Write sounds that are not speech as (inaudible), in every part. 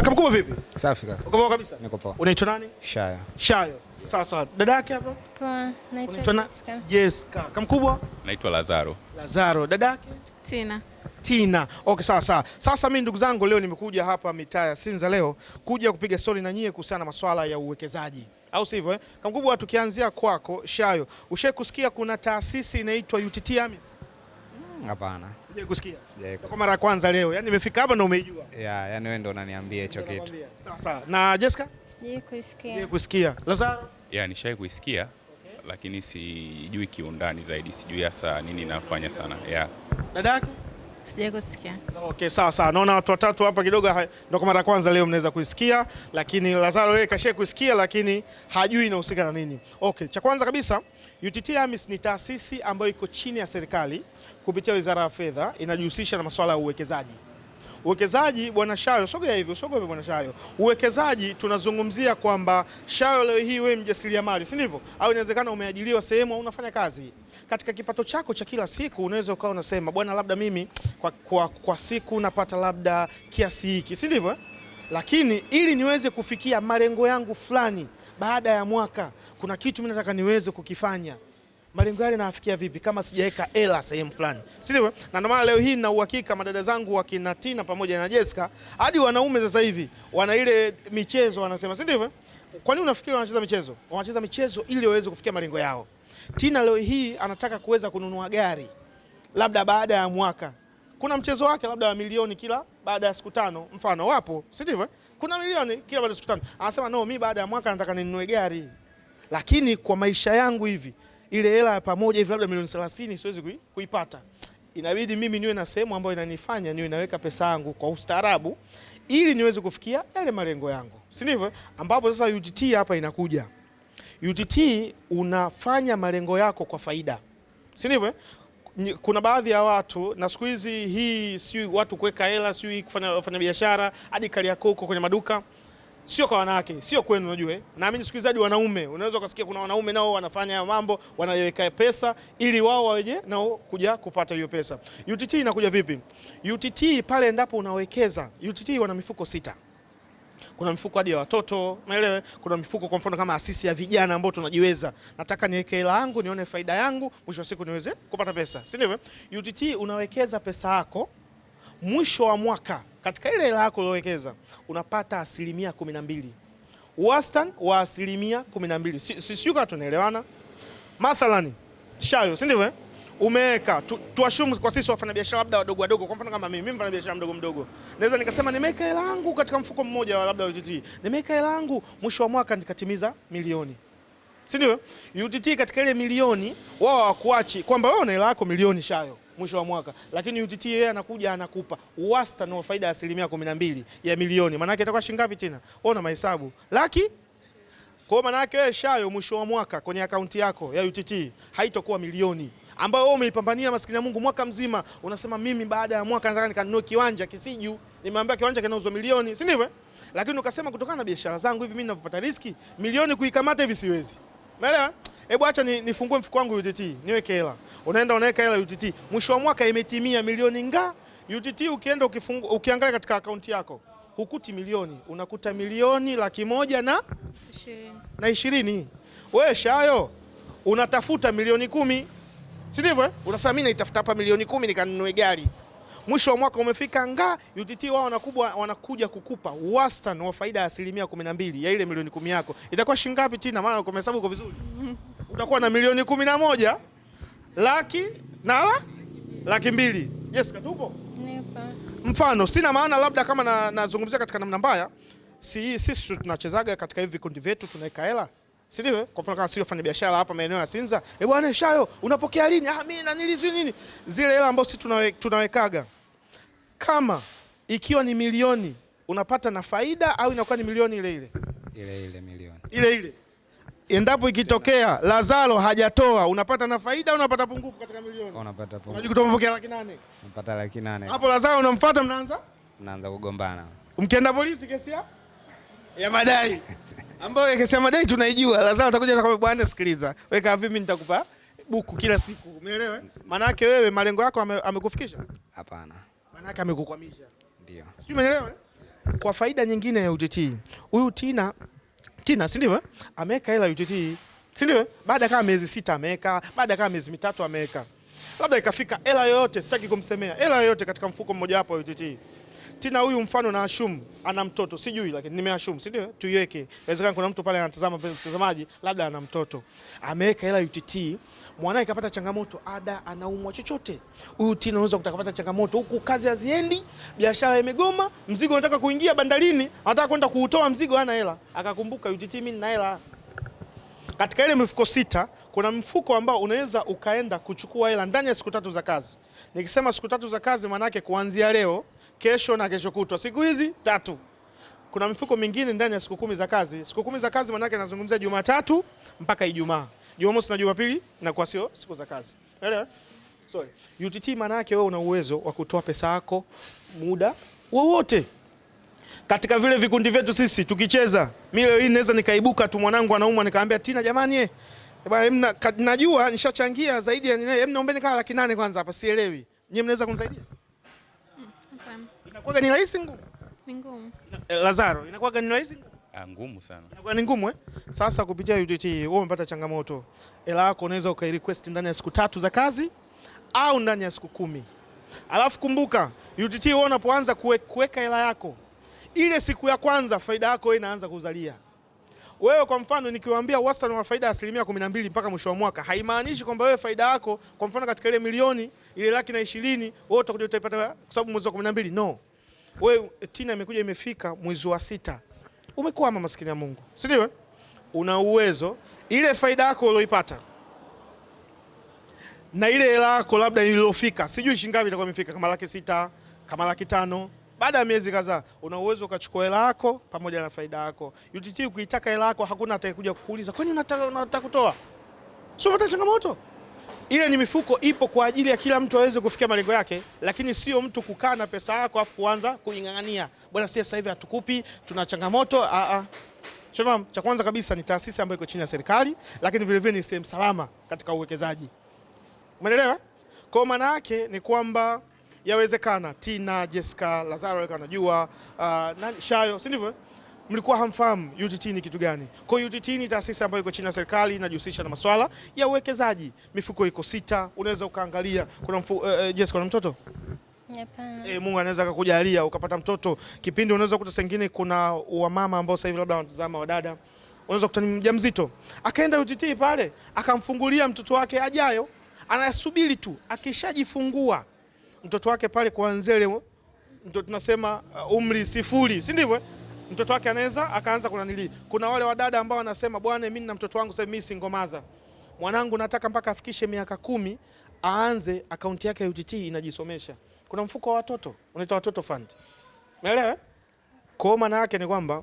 Kaka mkubwa vipi? Safi kaka. Uko poa kabisa? Niko poa. Unaitwa nani? Shayo. Shayo. Sawa sawa. Dada yake hapa? Poa. Naitwa Jessica. Kaka mkubwa? Naitwa Lazaro. Lazaro. Dada yake? Tina. Tina. Okay, sawa sawa. Sasa mimi ndugu zangu, leo nimekuja hapa mitaa ya Sinza leo kuja kupiga story na nyie kuhusiana na masuala ya uwekezaji au sivyo eh? Kaka mkubwa, tukianzia kwako Shayo, kusikia kuna taasisi inaitwa UTT AMIS? Hapana. Unajua kusikia? Sijai. Kwa mara ya kwanza leo. Yaani nimefika hapa na umeijua. Yeah, yani wewe ndio unaniambia hicho kitu. Sawa sawa. Na Jessica? Sijai kusikia. Sijai kusikia. Lazaro? Yeah, nishai kusikia. okay. Lakini sijui kiundani zaidi, sijui hasa nini nafanya sana. Yeah. Dada yake? Sijai kusikia. Okay, sawa sawa. Naona watu watatu hapa kidogo ndio kwa mara ya kwanza leo mnaweza kusikia, lakini Lazaro yeye kashia kusikia lakini hajui inahusika na nini. Okay, cha kwanza kabisa UTT AMIS ni taasisi ambayo iko chini ya serikali kupitia Wizara ya Fedha inajihusisha na masuala ya uwekezaji. Uwekezaji bwana Shayo, sogea hivi, usogoe bwana Shayo. Uwekezaji tunazungumzia kwamba Shayo, leo hii wewe mjasiriamali, si ndivyo? Au inawezekana umeajiliwa sehemu au unafanya kazi. Katika kipato chako cha kila siku unaweza ukawa unasema bwana, labda mimi kwa, kwa, kwa siku napata labda kiasi hiki, si ndivyo? Eh? Lakini ili niweze kufikia malengo yangu fulani baada ya mwaka, kuna kitu mimi nataka niweze kukifanya malengo yale naafikia vipi kama sijaweka hela sehemu fulani, si ndivyo? Na ndio maana leo hii nina uhakika madada zangu wa kina Tina pamoja na Jessica, hadi wanaume sasa hivi wana ile michezo wanasema, si ndivyo? Kwa nini unafikiri wanacheza michezo? Wanacheza michezo ili waweze kufikia malengo yao. Tina leo hii anataka kuweza kununua gari labda baada ya mwaka kuna mchezo wake labda wa milioni kila baada ya siku tano, mfano wapo, si ndivyo? Kuna milioni kila baada ya siku tano. Anasema no, mi baada ya mwaka nataka ninunue gari, lakini kwa maisha yangu hivi ile hela ya pamoja hivi labda milioni 30 siwezi kuipata, inabidi mimi niwe na sehemu ambayo inanifanya niwe naweka pesa yangu kwa ustaarabu ili niweze kufikia yale malengo yangu, si ndivyo? Ambapo sasa UTT hapa inakuja. UTT unafanya malengo yako kwa faida, si ndivyo? Kuna baadhi ya watu na siku hizi hii, si watu kuweka hela, si kufanya, kufanya biashara hadi kali yako huko kwenye maduka sio kwa wanawake, sio kwenu. Unajua, naamini sikilizaji, wanaume unaweza ukasikia kuna wanaume nao wanafanya hayo mambo, wanaweka pesa ili wao waweje nao kuja kupata hiyo pesa. UTT inakuja vipi? UTT pale endapo unawekeza, UTT wana mifuko sita kuna mifuko hadi ya watoto naelewe. Kuna mifuko kwa mfano kama asisi ya vijana ambao tunajiweza, nataka niweke hela yangu nione faida yangu, mwisho wa siku niweze kupata pesa, si ndivyo? UTT unawekeza pesa yako mwisho wa mwaka katika ile hela yako uliowekeza unapata asilimia kumi na mbili wastan wa asilimia kumi na mbili sijui kama tunaelewana. Mathalani shayo, si ndivyo? Eh? Umeweka tuashumu tu kwa sisi wafanyabiashara labda wadogo wadogo, kwa mfano kama mimi, mimi mfanyabiashara mdogo mdogo, naweza nikasema nimeweka hela yangu katika mfuko mmoja wa labda UTT, nimeweka hela yangu, mwisho wa mwaka nikatimiza milioni, si ndivyo? UTT katika ile milioni wao hawakuachi kwamba wewe una hela yako milioni shayo mwisho wa mwaka, lakini UTT yeye anakuja anakupa wastani wa faida ya asilimia kumi na mbili ya milioni. Maana yake itakuwa shilingi ngapi tena? Ona mahesabu laki kwa hiyo maana yake wewe shayo mwisho wa mwaka kwenye akaunti yako ya UTT haitakuwa milioni ambayo wewe umeipambania maskini ya Mungu mwaka mzima. Unasema mimi baada ya mwaka nataka nikanunue kiwanja Kisiju, nimeambia kiwanja kinauzwa milioni, si ndivyo? Lakini ukasema kutokana na biashara zangu hivi mimi ninavyopata riski, milioni kuikamata hivi siwezi. Unaelewa? Hebu acha nifungue ni mfuko wangu UTT, niweke hela. Unaenda unaweka hela UTT. Mwisho wa mwaka imetimia milioni nga. UTT ukienda ukifungu, ukiangalia katika akaunti yako, hukuti milioni, unakuta milioni laki moja na ishirini. Na ishirini. Wewe shayo unatafuta milioni kumi. Si ndivyo? Eh? Unasema mimi naitafuta hapa milioni kumi nikanunue gari mwisho wa mwaka umefika, ngaa UTT wao wanakubwa wanakuja kukupa wastani wa faida ya asilimia kumi na mbili ya ile milioni kumi yako itakuwa shilingi ngapi? Tina, maana umehesabu uko vizuri, (laughs) utakuwa na milioni kumi na moja laki na la laki mbili. Jessica, tupo mfano, sina maana labda kama nazungumzia na katika namna mbaya, si sisi tunachezaga katika hivi vikundi vyetu tunaweka hela si ndio? Eh? Kwa mfano kama sio fanya biashara hapa maeneo ya Sinza, eh bwana Shayo, unapokea lini? Ah, mimi na nilizwi nini? Zile hela ambazo sisi tunawe, tunawekaga kama ikiwa ni milioni unapata na faida au inakuwa ni milioni ile ile ile ile milioni ile ile endapo ikitokea Lazaro hajatoa unapata na faida, au unapata pungufu katika milioni, unapata pungufu. Unajikuta umepokea laki nane unapata laki nane hapo Lazaro unamfuata, mnaanza mnaanza kugombana, mkienda polisi kesi ya ya madai ambayo yakisema madai tunaijua, lazima atakuja na bwana, sikiliza, weka vipi, nitakupa buku kila siku, umeelewa? Maana yake wewe malengo yako amekufikisha? Ame Hapana, maana yake amekukwamisha. Ndio, sio? umeelewa? Eh? Kwa faida nyingine ya UTT, huyu Tina Tina, si ndivyo? Eh? Ameweka hela UTT, si ndivyo? Eh? Baada kama miezi sita ameweka, baada kama miezi mitatu ameweka, labda ikafika hela yoyote, sitaki kumsemea, hela yoyote katika mfuko mmoja wapo wa UTT Tina huyu mfano na ashum ana mtoto sijui, lakini nimeashumu, si ndio? Tuiweke, inawezekana kuna mtu pale anatazama, mtazamaji, labda ana mtoto ameweka hela UTT, mwanae kapata changamoto, ada anaumwa, chochote, huyu Tina anaweza kutakapata changamoto huku, kazi haziendi, biashara imegoma, mzigo unataka kuingia bandarini, anataka kwenda kuutoa mzigo, hana hela, akakumbuka UTT, mimi nina hela. Katika ile mifuko sita kuna mfuko ambao unaweza ukaenda kuchukua hela ndani ya siku tatu za kazi. Nikisema siku tatu za kazi, maana kuanzia leo kesho na kesho kutwa, siku hizi tatu. Kuna mifuko mingine ndani ya siku kumi za kazi. Siku kumi za kazi manake nazungumzia Jumatatu mpaka Ijumaa. Jumamosi na Jumapili na kwa sio siku za kazi. Elewa? Sorry. UTT manake wewe una uwezo wa kutoa pesa yako muda wowote katika vile vikundi vyetu sisi tukicheza, mimi leo hii naweza nikaibuka tu, mwanangu anaumwa, nikamwambia Tina, jamani eh, bwana, najua nishachangia zaidi ya, nini. naombeni kaa laki nane kwanza hapa, sielewi, nyie mnaweza kunisaidia? Inakuwa ni rahisi ngumu? Ni ngumu. Eh, Lazaro, inakuwa ni rahisi ngumu? Ah, ngumu sana. Inakuwa ni ngumu eh? Sasa kupitia UTT wewe umepata changamoto. Ela yako unaweza ukairequest ndani ya siku tatu za kazi au ndani ya siku kumi. Alafu kumbuka UTT wewe unapoanza kuweka hela yako ile siku ya kwanza faida yako inaanza kuzalia wewe kwa mfano nikiwaambia wastani wa faida ya asilimia kumi na mbili mpaka mwisho wa mwaka haimaanishi kwamba wewe faida yako kwa mfano katika ile milioni ile laki na ishirini wewe utakuja utaipata kwa sababu mwezi wa kumi na mbili no. Wewe TINA imekuja imefika mwezi wa sita, umekwama maskini ya Mungu, si ndio? Una uwezo ile faida yako ulioipata na ile hela yako labda iliyofika, sijui ngapi itakuwa imefika, kama laki sita kama laki tano baada ya miezi kadhaa, una uwezo ukachukua hela yako pamoja na faida yako. UTT ukiitaka hela yako, hakuna atakayekuja kukuuliza kwani unataka unata kutoa, sio unataka changamoto ile ni mifuko ipo kwa ajili ya kila mtu aweze kufikia malengo yake, lakini sio mtu kukaa na pesa yako afu kuanza kuing'ang'ania, bwana, si sasa hivi hatukupi, tuna changamoto. A a. Cha kwanza kabisa ni taasisi ambayo iko chini ya serikali, lakini vile vile ni sehemu salama katika uwekezaji, umeelewa? Kwa maana yake ni kwamba yawezekana Tina, Jessica, Lazaro alikuwa anajua uh, nani Shayo, si ndivyo? Eh? Mlikuwa hamfahamu UTT ni kitu gani? Kwa hiyo UTT ni taasisi ambayo iko chini ya serikali inajihusisha na masuala ya uwekezaji. Mifuko iko sita, unaweza ukaangalia. Kuna mfu, uh, Jessica, kuna mtoto Yep. E, Mungu anaweza akakujalia ukapata mtoto kipindi. Unaweza kukuta sengine kuna wamama ambao sasa hivi labda wanatazama wadada, unaweza kukuta ni mjamzito akaenda UTT pale akamfungulia mtoto wake ajayo, anasubiri tu akishajifungua mtoto wake pale kuanzia ile ndio tunasema uh, umri sifuri, si ndivyo? Mtoto wake anaweza akaanza kunanili. kuna wale wadada ambao wanasema bwana, mimi na mtoto wangu sasa, mimi singomaza mwanangu, nataka mpaka afikishe miaka kumi aanze akaunti yake ya UTT inajisomesha. Kuna mfuko wa watoto unaitwa watoto fund, umeelewa? Eh? Kwa maana yake ni kwamba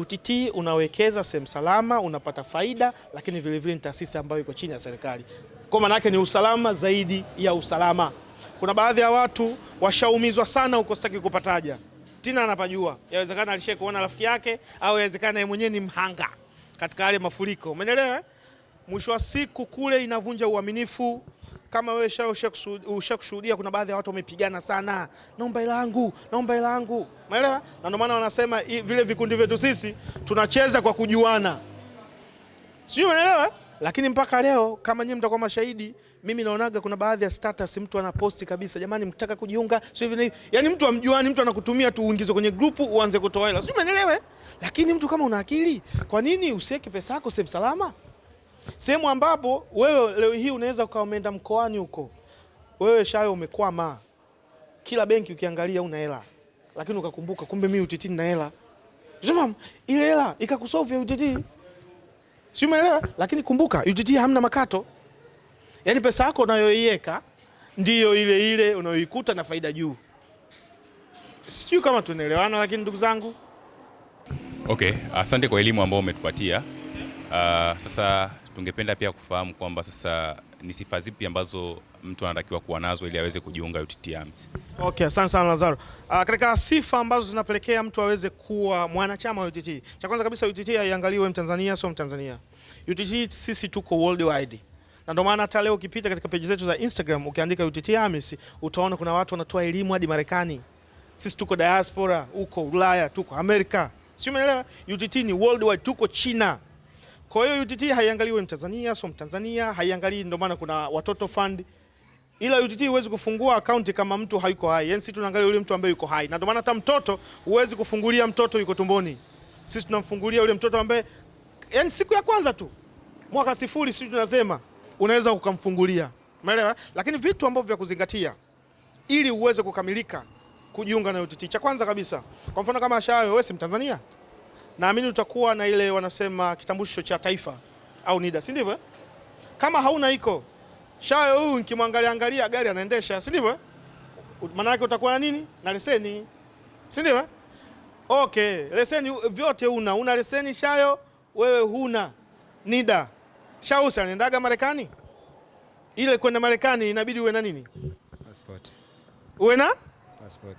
UTT unawekeza sehemu salama, unapata faida, lakini vilevile ni taasisi ambayo iko chini ya serikali. Kwa maana yake ni usalama zaidi ya usalama. Kuna baadhi ya watu washaumizwa sana huko, sitaki kupataja. Tina anapajua, yawezekana alishai kuona rafiki yake au yawezekana yeye mwenyewe ni mhanga katika yale mafuriko, umeelewa? Eh? Mwisho wa siku kule inavunja uaminifu. Kama wewe ushakushuhudia, kuna baadhi ya watu wamepigana sana, naomba hela yangu, naomba hela yangu, umeelewa? Na ndio maana wanasema vile vikundi vyetu sisi tunacheza kwa kujuana, sijui umeelewa? Eh? Lakini mpaka leo kama nyinyi mtakuwa mashahidi, mimi naonaga kuna baadhi ya status mtu anaposti kabisa, jamani, mtaka kujiunga sio hivi Yani mtu amjuani, mtu anakutumia tu uingize kwenye group uanze kutoa hela, sio umeelewa? Eh? Lakini mtu kama una akili, kwa nini usiweke pesa yako sehemu salama, sehemu ambapo wewe leo hii unaweza ukawa umeenda mkoani huko, wewe shayo umekwama, kila benki ukiangalia una hela, lakini ukakumbuka kumbe mimi UTT nina hela, ile hela ikakusolve UTT si umeelewa? Lakini kumbuka UTT hamna makato, yaani pesa yako unayoiweka ndiyo ile ile unayoikuta na faida juu. Sijui kama tunaelewana, lakini ndugu zangu. Okay, asante kwa elimu ambayo umetupatia. Uh, sasa tungependa pia kufahamu kwamba sasa ni sifa zipi ambazo mtu anatakiwa kuwa nazo ili aweze kujiunga UTT AMCS? Okay, asante sana Lazaro. Uh, katika sifa ambazo zinapelekea mtu aweze kuwa mwanachama wa UTT, cha kwanza kabisa UTT haiangaliwe Mtanzania sio Mtanzania. UTT sisi tuko worldwide na ndio maana hata leo ukipita katika peji zetu za Instagram ukiandika UTT AMCS utaona kuna watu wanatoa elimu hadi Marekani. Sisi tuko diaspora, huko Ulaya, tuko Amerika, sio umeelewa? UTT ni worldwide, tuko China. Kwa hiyo UTT haiangaliwi Mtanzania so Mtanzania haiangalii, ndio maana kuna watoto fund, ila UTT huwezi kufungua akaunti kama mtu hayuko hai. Yani sisi tunaangalia yule mtu ambaye yuko hai, na ndio maana hata mtoto huwezi kufungulia mtoto yuko tumboni. Sisi tunamfungulia yule mtoto ambaye, yani siku ya kwanza tu mwaka sifuri, sisi tunasema unaweza ukamfungulia, umeelewa? Lakini vitu ambavyo vya kuzingatia ili uweze kukamilika kujiunga na UTT, cha kwanza kabisa, kwa mfano kama Shayo, wewe si Mtanzania naamini utakuwa na ile wanasema kitambulisho cha taifa au NIDA, si ndivyo? Eh? Kama hauna iko shayo huyu nikimwangalia angalia gari anaendesha, si ndivyo? Eh? Maana yake utakuwa na nini? Na leseni, si ndivyo? Eh? Okay, leseni vyote una una leseni shayo, wewe huna NIDA. Shayo anaendaga Marekani, ile kwenda Marekani inabidi uwe na nini? Passport. Uwe na passport.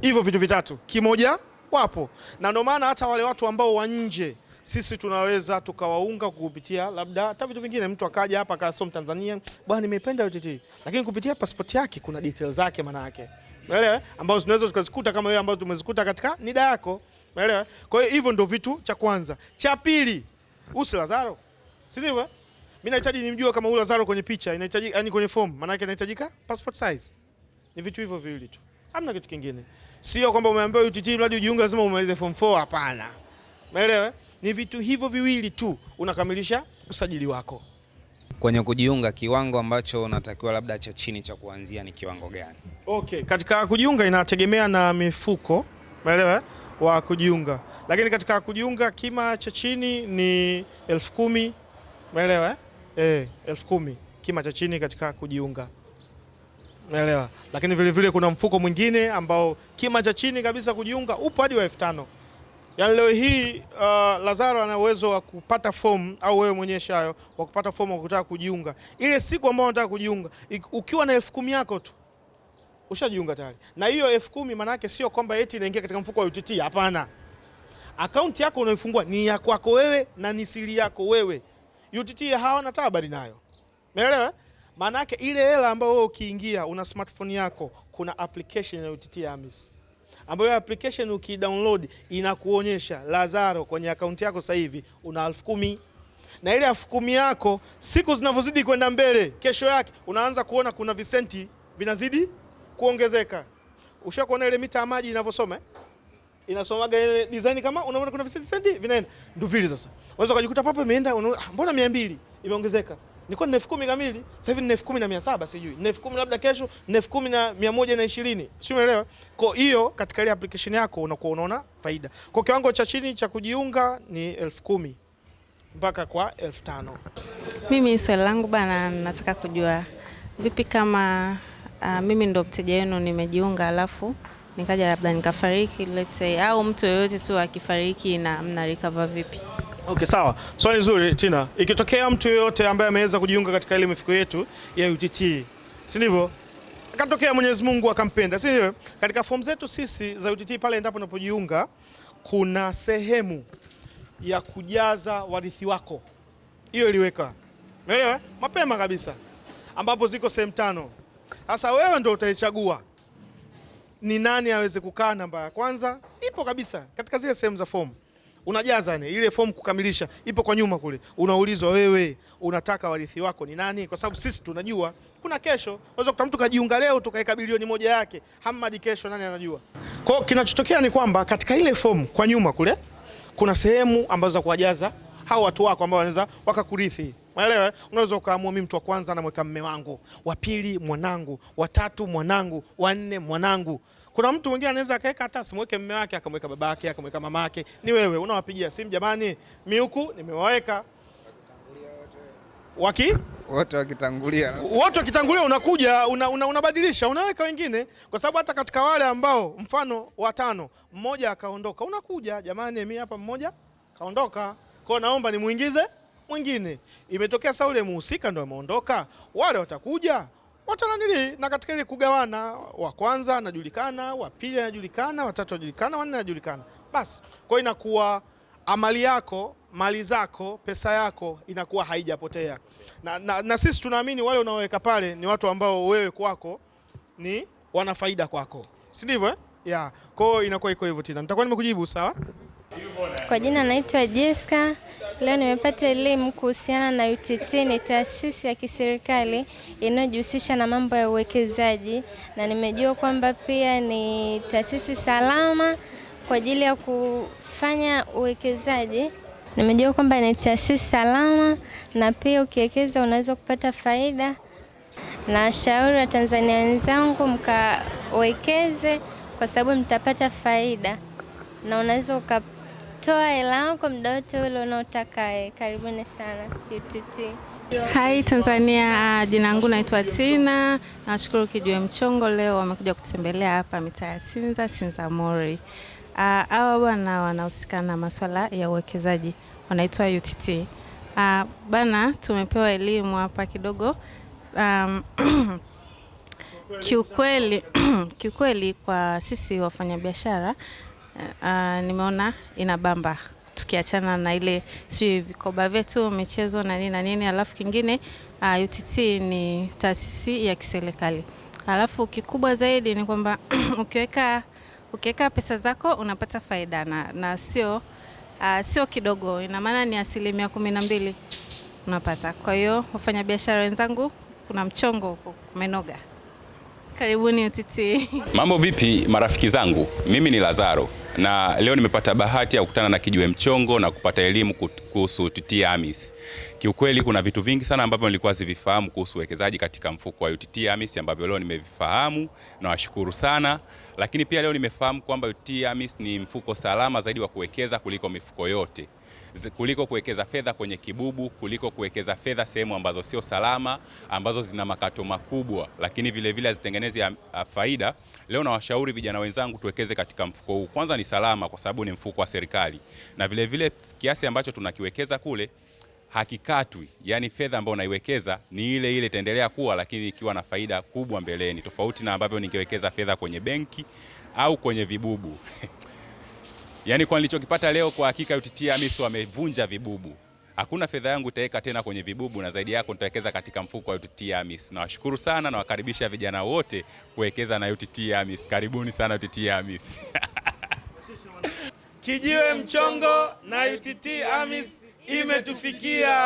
Hivyo vitu vitatu, kimoja wapo, na ndio maana hata wale watu ambao wa nje sisi tunaweza tukawaunga kupitia labda hata vitu vingine. Mtu akaja hapa akasom Tanzania, bwana, nimeipenda UTT, lakini kupitia passport yake kuna details zake, maana yake unaelewa, ambazo tunaweza tukazikuta kama wewe ambao tumezikuta katika NIDA yako, unaelewa. Kwa hiyo hivyo ndio vitu, cha kwanza. Cha pili, usi Lazaro, si ndivyo? Mimi nahitaji nimjue kama huyu Lazaro kwenye picha inahitaji, yani kwenye form, maana yake inahitajika passport size. Ni vitu hivyo viwili tu, hamna kitu kingine sio kwamba umeambiwa UTT mradi ujiunge lazima umalize form 4 hapana. Umeelewa? Ni vitu hivyo viwili tu unakamilisha usajili wako. Kwenye kujiunga, kiwango ambacho unatakiwa labda cha chini cha kuanzia ni kiwango gani? Okay, katika kujiunga inategemea na mifuko, umeelewa? wa kujiunga, lakini katika kujiunga kima cha chini ni elfu kumi, umeelewa? Eh, eh elfu kumi kima cha chini katika kujiunga. Umeelewa? Lakini vile vile kuna mfuko mwingine ambao kima cha chini kabisa kujiunga upo hadi wa elfu tano. Yaani leo hii uh, Lazaro ana uwezo wa kupata fomu au wewe mwenyewe Shayo wa kupata fomu wa kutaka kujiunga. Ile siku ambayo unataka kujiunga ukiwa na elfu kumi yako tu ushajiunga tayari. Na hiyo elfu kumi maana yake sio kwamba eti inaingia katika mfuko wa UTT, hapana. Akaunti yako unaifungua ni ya kwako wewe na ni siri yako wewe. UTT hawana tabari nayo. Umeelewa? Maanake ile hela ambayo wewe ukiingia una smartphone yako, kuna application ya UTT AMIS ambayo application ukidownload inakuonyesha Lazaro, kwenye akaunti yako sasa hivi una elfu kumi na ile elfu kumi yako siku zinavyozidi kwenda mbele, kesho yake unaanza kuona kuna visenti vinazidi kuongezeka. Usha kuona ile mita ya maji inavyosoma eh? Inasomaga ile design kama unaona kuna visenti senti vinaenda ndio vile. Sasa unaweza kujikuta papo imeenda, ah, mbona 200 imeongezeka nilikuwa nina elfu kumi kamili, sasa hivi nina elfu kumi na mia saba sijui nina elfu kumi labda kesho nina elfu kumi na mia moja na ishirini si umeelewa? Kwa hiyo katika ile application yako unakuwa unaona faida. Kwa kiwango cha chini cha kujiunga ni elfu kumi mpaka kwa elfu tano. Mimi swali langu bana, nataka kujua vipi kama uh, mimi ndo mteja wenu nimejiunga, alafu nikaja labda nikafariki let's say, au mtu yoyote tu akifariki na mna recover vipi? Okay, sawa. Swali nzuri Tina. Ikitokea mtu yoyote ambaye ameweza kujiunga katika ile mifuko yetu ya UTT, si ndivyo? Akatokea Mwenyezi Mungu akampenda, si ndivyo? Katika fomu zetu sisi za UTT pale endapo unapojiunga kuna sehemu ya kujaza warithi wako. Hiyo iliweka. Umeelewa? Eh? Mapema kabisa. Ambapo ziko sehemu tano. Sasa wewe ndio utaichagua ni nani aweze kukaa namba ya kwanza. Ipo kabisa katika zile sehemu za fomu unajaza ni ile fomu kukamilisha, ipo kwa nyuma kule, unaulizwa wewe unataka warithi wako ni nani, kwa sababu sisi tunajua kuna kesho. Unaweza kuta mtu kajiunga leo tukaweka bilioni moja yake, Hamad kesho nani anajua? Kwa hiyo kinachotokea ni kwamba katika ile fomu kwa nyuma kule kuna sehemu ambazo za kuwajaza hao watu wako ambao wanaweza wakakurithi. Unaelewa? Unaweza ukaamua mimi mtu wa kwanza namweka mme wangu, wa pili mwanangu, wa tatu mwanangu, wa nne mwanangu. Kuna mtu mwingine anaweza akaweka hata asimweke mume wake, akamweka yake akamweka mamake. Ni wewe unawapigia simu, jamani, miuku nimewaweka waki wote wakitangulia, wote wakitangulia, unakuja una, una, unabadilisha unaweka wengine, kwa sababu hata katika wale ambao mfano watano mmoja akaondoka, unakuja jamani, mimi hapa mmoja kaondoka, kwa naomba nimuingize mwingine. Imetokea Saule muhusika ndo ameondoka, wale watakuja watananili na katika ile kugawana, wa kwanza anajulikana, wa pili anajulikana, watatu anajulikana, nne anajulikana. Basi kwa inakuwa amali yako mali zako pesa yako inakuwa haijapotea na, na, na sisi tunaamini wale unaoweka pale ni watu ambao wewe kwako ni wana faida kwako, si ndivyo eh? Yeah. Kwa hiyo inakuwa iko hivyo. Tina, nitakuwa nimekujibu sawa. Kwa jina naitwa Jessica Leo nimepata elimu kuhusiana na UTT. Ni taasisi ya kiserikali inayojihusisha na mambo ya uwekezaji, na nimejua kwamba pia ni taasisi salama kwa ajili ya kufanya uwekezaji. Nimejua kwamba ni taasisi salama, na pia ukiwekeza unaweza kupata faida, na washauri wa Tanzania wenzangu mkawekeze, kwa sababu mtapata faida na unaweza ukapata toa elao kwa mda ule unaotakae. Eh, karibuni sana Hai Tanzania, jina langu naitwa Tina. Nashukuru Kijiwe Mchongo leo wamekuja kutembelea hapa mitaa ya Sinza, Sinza Mori. Ah, hawa bwana wanahusika na maswala ya uwekezaji wanaitwa UTT. Uh, ah, bana tumepewa elimu hapa kidogo um, (clears throat) kiukweli (clears throat) kiukweli kwa sisi wafanyabiashara uh, nimeona bamba tukiachana na ile si vikoba vyetu michezo na nini na nini. Alafu kingine uh, ah, UTT ni taasisi ya kiserikali, alafu kikubwa zaidi ni kwamba (clears throat) ukiweka ukiweka pesa zako unapata faida na, na sio uh, sio kidogo, ina maana ni asilimia kumi na mbili unapata. Kwa hiyo wafanyabiashara wenzangu, kuna mchongo kumenoga. Karibuni UTT. Mambo vipi marafiki zangu, mimi ni Lazaro na leo nimepata bahati ya kukutana na Kijiwe Mchongo na kupata elimu kuhusu UTT AMIS. Kiukweli kuna vitu vingi sana ambavyo nilikuwa sivifahamu kuhusu uwekezaji katika mfuko wa UTT AMIS ambavyo leo nimevifahamu na washukuru sana, lakini pia leo nimefahamu kwamba UTT AMIS ni mfuko salama zaidi wa kuwekeza kuliko mifuko yote kuliko kuwekeza fedha kwenye kibubu, kuliko kuwekeza fedha sehemu ambazo sio salama, ambazo zina makato makubwa, lakini vilevile hazitengenezi faida. Leo nawashauri vijana wenzangu tuwekeze katika mfuko huu. Kwanza ni salama, kwa sababu ni mfuko wa serikali, na vilevile vile kiasi ambacho tunakiwekeza kule hakikatwi yani fedha ambayo unaiwekeza ni ile ile itaendelea kuwa, lakini ikiwa na faida kubwa mbeleni, tofauti na ambavyo ningewekeza fedha kwenye benki au kwenye vibubu (laughs) Yaani kwa nilichokipata leo kwa hakika UTT AMIS wamevunja vibubu. Hakuna fedha yangu itaweka tena kwenye vibubu na zaidi yako nitawekeza katika mfuko wa UTT AMIS. Nawashukuru sana na wakaribisha vijana wote kuwekeza na UTT AMIS. Karibuni sana UTT AMIS. (laughs) Kijiwe mchongo na UTT AMIS imetufikia.